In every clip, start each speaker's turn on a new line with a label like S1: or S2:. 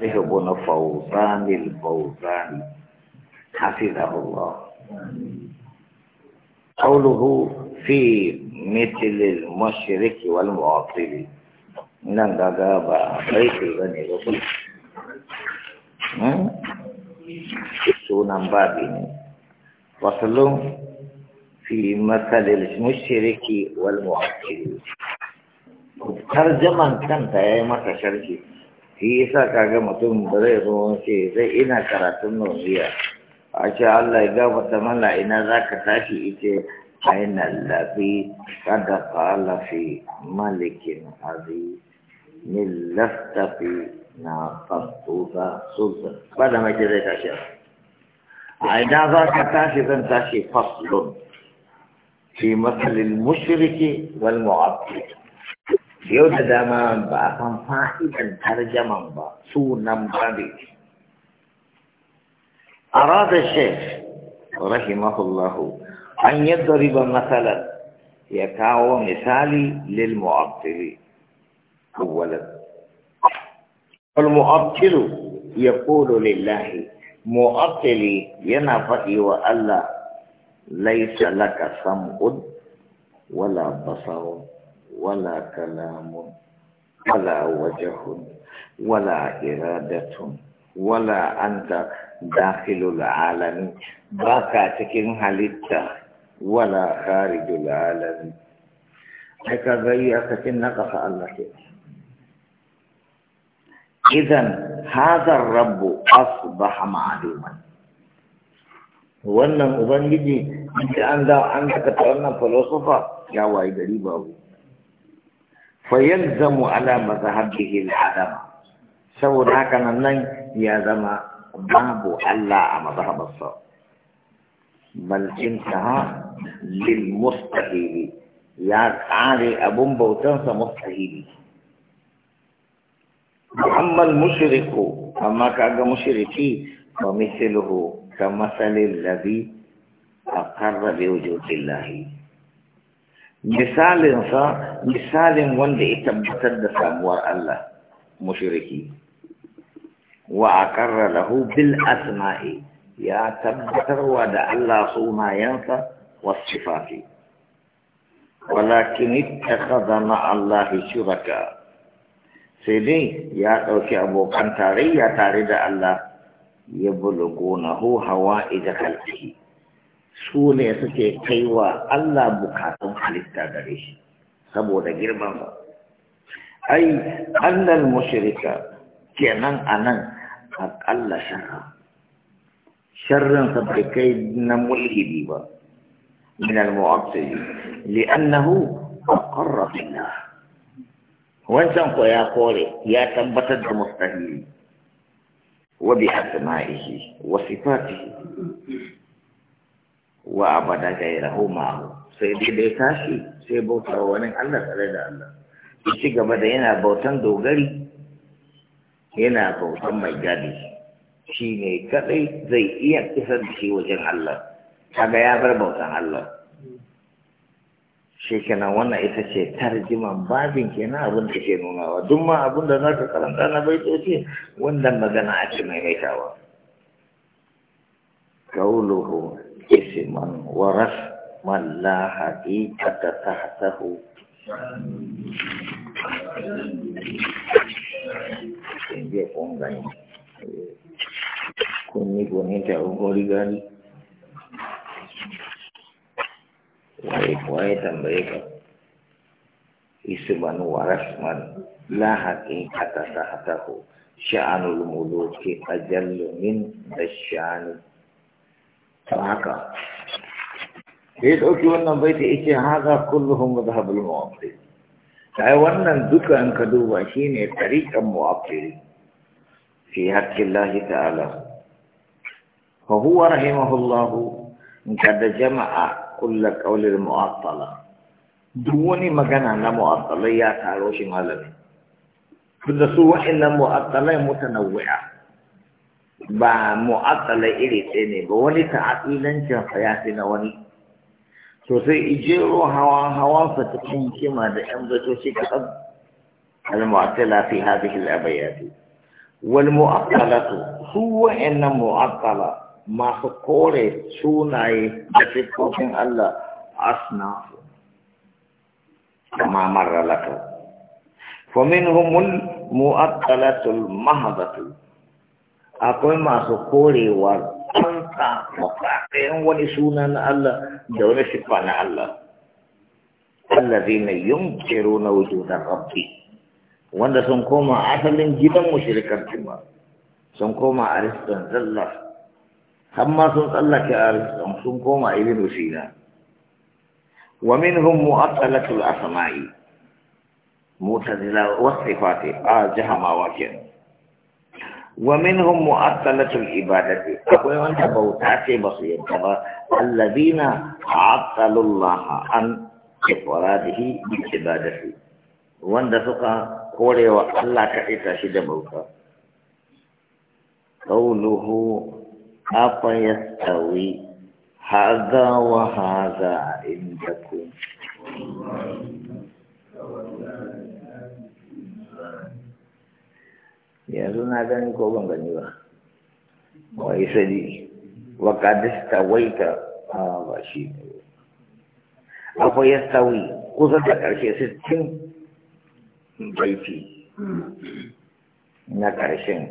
S1: ذهبنا فوزان الفوزان حفظه الله قوله في مثل المشرك والمعطل من الغابة بيت الغني رسول سونان بابين وصلهم في مثل المشرك والمعطل ترجمان كان تأيما تشاركي shi yasa kaga mutum ba zai zo ce sai ina karatun nauriya a ce Allah ya gafarta mana ina za ka tashi ice أين الذي قد قال في ملك عزيز من لفت في ناقضت ذا سلطة بعد ما جريت أشياء أين ذاك تاشي تاشي فصل في مثل المشرك والمعبد yau da dama ba a san fa'idan tarjaman ba sunan babi أراد الشيخ رحمه الله أن يضرب مثلا يكاو مثالي للمؤطل أولا المعطل يقول لله معطل ينفئ وألا ليس لك سمع ولا بصر ولا كلام ولا وجه ولا إرادة ولا أنت داخل العالم باكا تكين حالتا ولا خارج العالم هكا غي أكتن نقص الله إذا هذا الرب أصبح معلوما wannan أبنجي أنت أنت أنت an daga ta wannan filosofa ya fayalzamu ala mazhabihi al-adam saboda haka nan nan ya zama babu Allah a mazhabarsa bal intaha lil mustahil ya tsare abun bautan sa mustahil amma al-mushriku amma kaga mushriki fa mithluhu kamathali alladhi aqarra bi wujudi مثال صا مثال وندي تبت الدسابور الله مشركي وأقر له بالأسماء يا تبت ودع الله صوما ينسى والصفات ولكن اتخذ مع الله شركا سيدي يا أوكي أبو كنتاري يا تاريد الله يبلغونه هوائج خلقه سوني سكي كيوا الله بكاته حليت عليه سبوا دقير ما أي أن المشركة كان أنا قد الله شر شر سبكي نمله بيبا من المعطي لأنه أقر بالله وانسان يا قولي يا تنبتد مستهيل وبأسمائه وصفاته wa abada gairahu ma'ahu sai dai dai tashi sai bautar wani Allah tare da Allah ci gaba da yana bautan dogari yana bautan mai gadi shi ne kadai zai iya kisar da shi wajen Allah kaga ya bar bautan Allah shi kana wannan ita ce tarjiman babin kenan abin da ke nunawa duk ma abin da za karanta na baitoci wannan magana ake maimaitawa kauluhu اسما waras لا حقيقة تحته Dia pun gani. Kuni gani. ka. Isman warasman la haqiqata tahtahu sya'anul muluki ajallu min dasyani تراكا بيدعوكي يعني وانا بيتي ايتي هذا كلهم مذهب المواطرين تعي وانا ذكا انك دوبا شيني طريقا في حق الله تعالى فهو رحمه الله جمع كل قول المعطلة دوني مكان انا معطلة يا تعالوشي كل سوح انا متنوعة ba mu'attala iri ɗaya ne ba wani ta'aqilancin sa ya fi na wani to sai ijero hawan hawan sa cikin kima da yan ka kaɗan al-mu'attala fi hadhihi al-abayat wal mu'attalatu su wa'annan mu'attala masu kore sunaye da siffofin Allah asna kama marra laka فمنهم المؤطلة mahdatu akwai masu korewa an sa mafaɗayan wani suna na Allah da wani siffa na Allah Allah zai na wuce da rabbi wanda sun koma asalin gidan mushirikar cima, sun koma ariston zallar har ma sun tsallake ariston sun koma ibn sina wa min mu minhum mu'attalatul asma'i mutazila wasifati a jihama kenan wamin hun mu'atta na tun ibadati akwai wanda bauta ce ba su yadda ba allabi na haɗalullaha an kifara da shi duk ibadati wanda suka korewa allah ka ita shi da bauta ƙauluhu afa ya tsawi haza wa haza inda kuma yanzu na gani ko ban gani ba wa isa ji wa kadista waita a ah, ba shi akwai ya sauyi kusa da ƙarshe sittin baiti na ƙarshen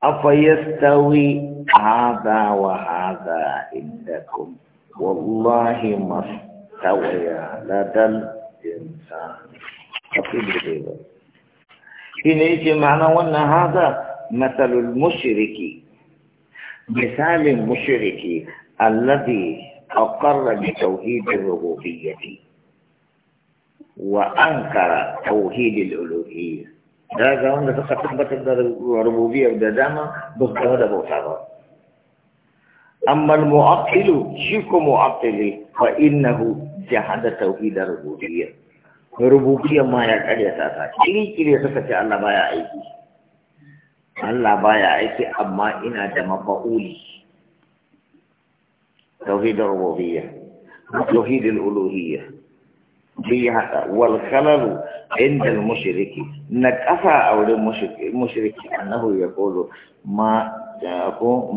S1: akwai ya sauyi haza wa haza inda kuma wallahi masu tawaya ladal insa a fi da shi ne yake ma'ana wannan haza المشرك mushiriki misalin mushiriki أقر بتوحيد الربوبية وأنكر توحيد الألوهية هذا هو الذي تثبت الربوبية بدامة بغداد أبو أما المعقل شيك معطل فإنه جحد توحيد الربوبية ربوبية ما يعني أساسا كلي كلي سكتي الله بايا أيكي الله بايا أيكي أما إنا جمع بقولي توحيد الربوبية توحيد الألوهية في والخلل عند المشرك نكفى أو المشرك أنه يقول ما أكو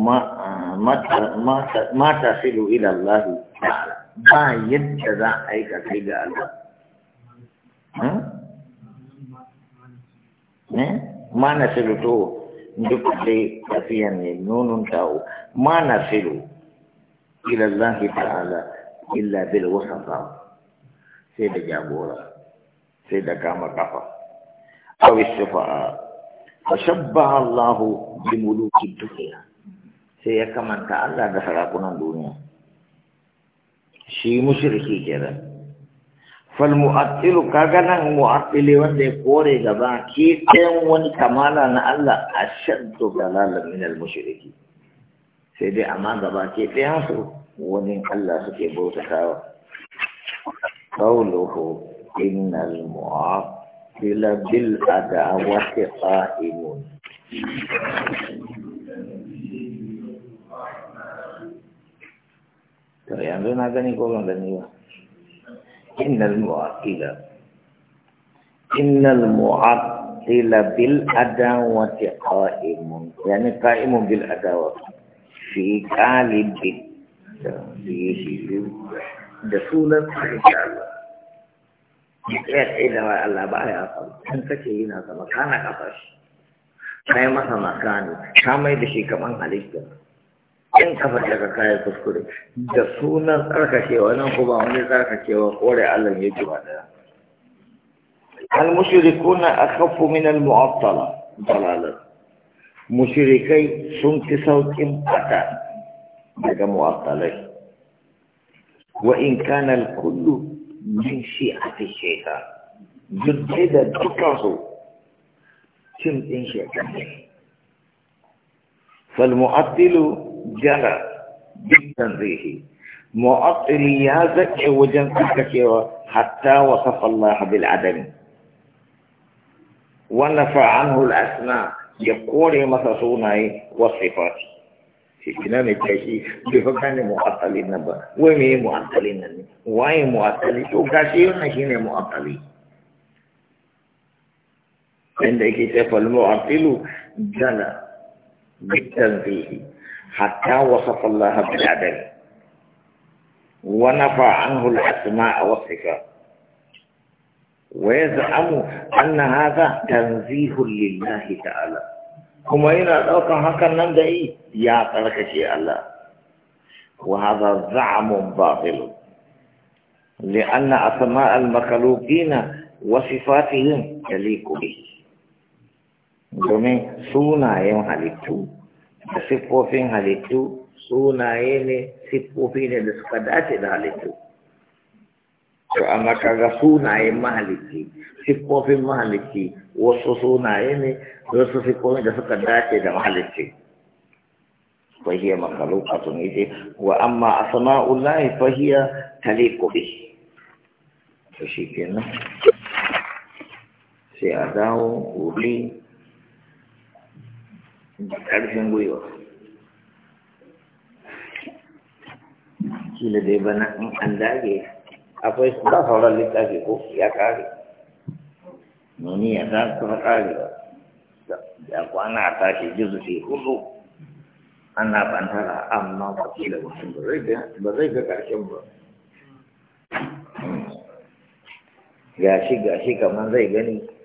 S1: ما تصل إلى الله تعالى ما يدجر أيك إلى الله ma na silu to duk dai tafiya ne nunun tawo ma na silu ila Allah ta'ala illa bil wasata sai da jagora sai da kama kafa aw istifa'a fashabbaha Allah bi muluki dunya sai ya kamanta Allah da sarakunan duniya shi mushriki kenan فالمؤتلو كاغانا مؤتلو دي فوري غبا كي تنون كمالا نالا أشد دلالة من المشركين سيدي أمان غبا كي تنسو ونين الله سكي بوتكا قوله إن المؤتل بالأدعوة قائم Kaya ang doon natin ikaw lang ganito. إن المعطل إن المعطل بالأداوة قائم يعني قائم بالأداوة في قالب فيه دسولا إن شاء الله إذا الله ان أقل أنت كينا كما كان كان in kafa daga kayan kuskure da sunan tsarkakewa nan kuma wani tsarkakewa kore Allah ya ji ba daya المشركون أخف من المعطلة ضلالا مشركي سنك صوت إمقتا daga mu'attalai wa in kana al-kullu min shi'ati shaytan dukkan da dukkan su جرى بالتنزيه معطل يازك كثيرة حتى وصف الله بالعدم ونفع عنه الأسماء يقول مثلا والصفات في كلام التأشي بفكان معطلين نبا ومي معطلين نبا واي معطلين وكاشي ونشين معطلين عندك المؤطل جلى بالتنزيه حتى وصف الله بالعدل ونفى عنه الأسماء والصفات ويزعم أن هذا تنزيه لله تعالى كما إلى الأوقع هكا نمدعي يا ترك شيء الله وهذا زعم باطل لأن أسماء المخلوقين وصفاتهم تليق به سونا يوم halittu da siffofin halittu sunaye ne siffofi ne da suka dace da halittu to amma kaga sunayen mahalicci siffofin mahalicci wasu sunaye ne wasu siffofin da suka dace da mahalicci فهي amma a وأما أسماء talikobi to shi kenan sai a dawo ولي ƙarfin gwiwa kila dai bana in an dage akwai ba sauran littafi ko ya ƙare, nuni ya ta ƙare ba ya kwana a tashi jizu sai hudu ana bantara amma ba kila mutum ba zai ga ƙarshen ba hmm. gashi gashi kamar zai gani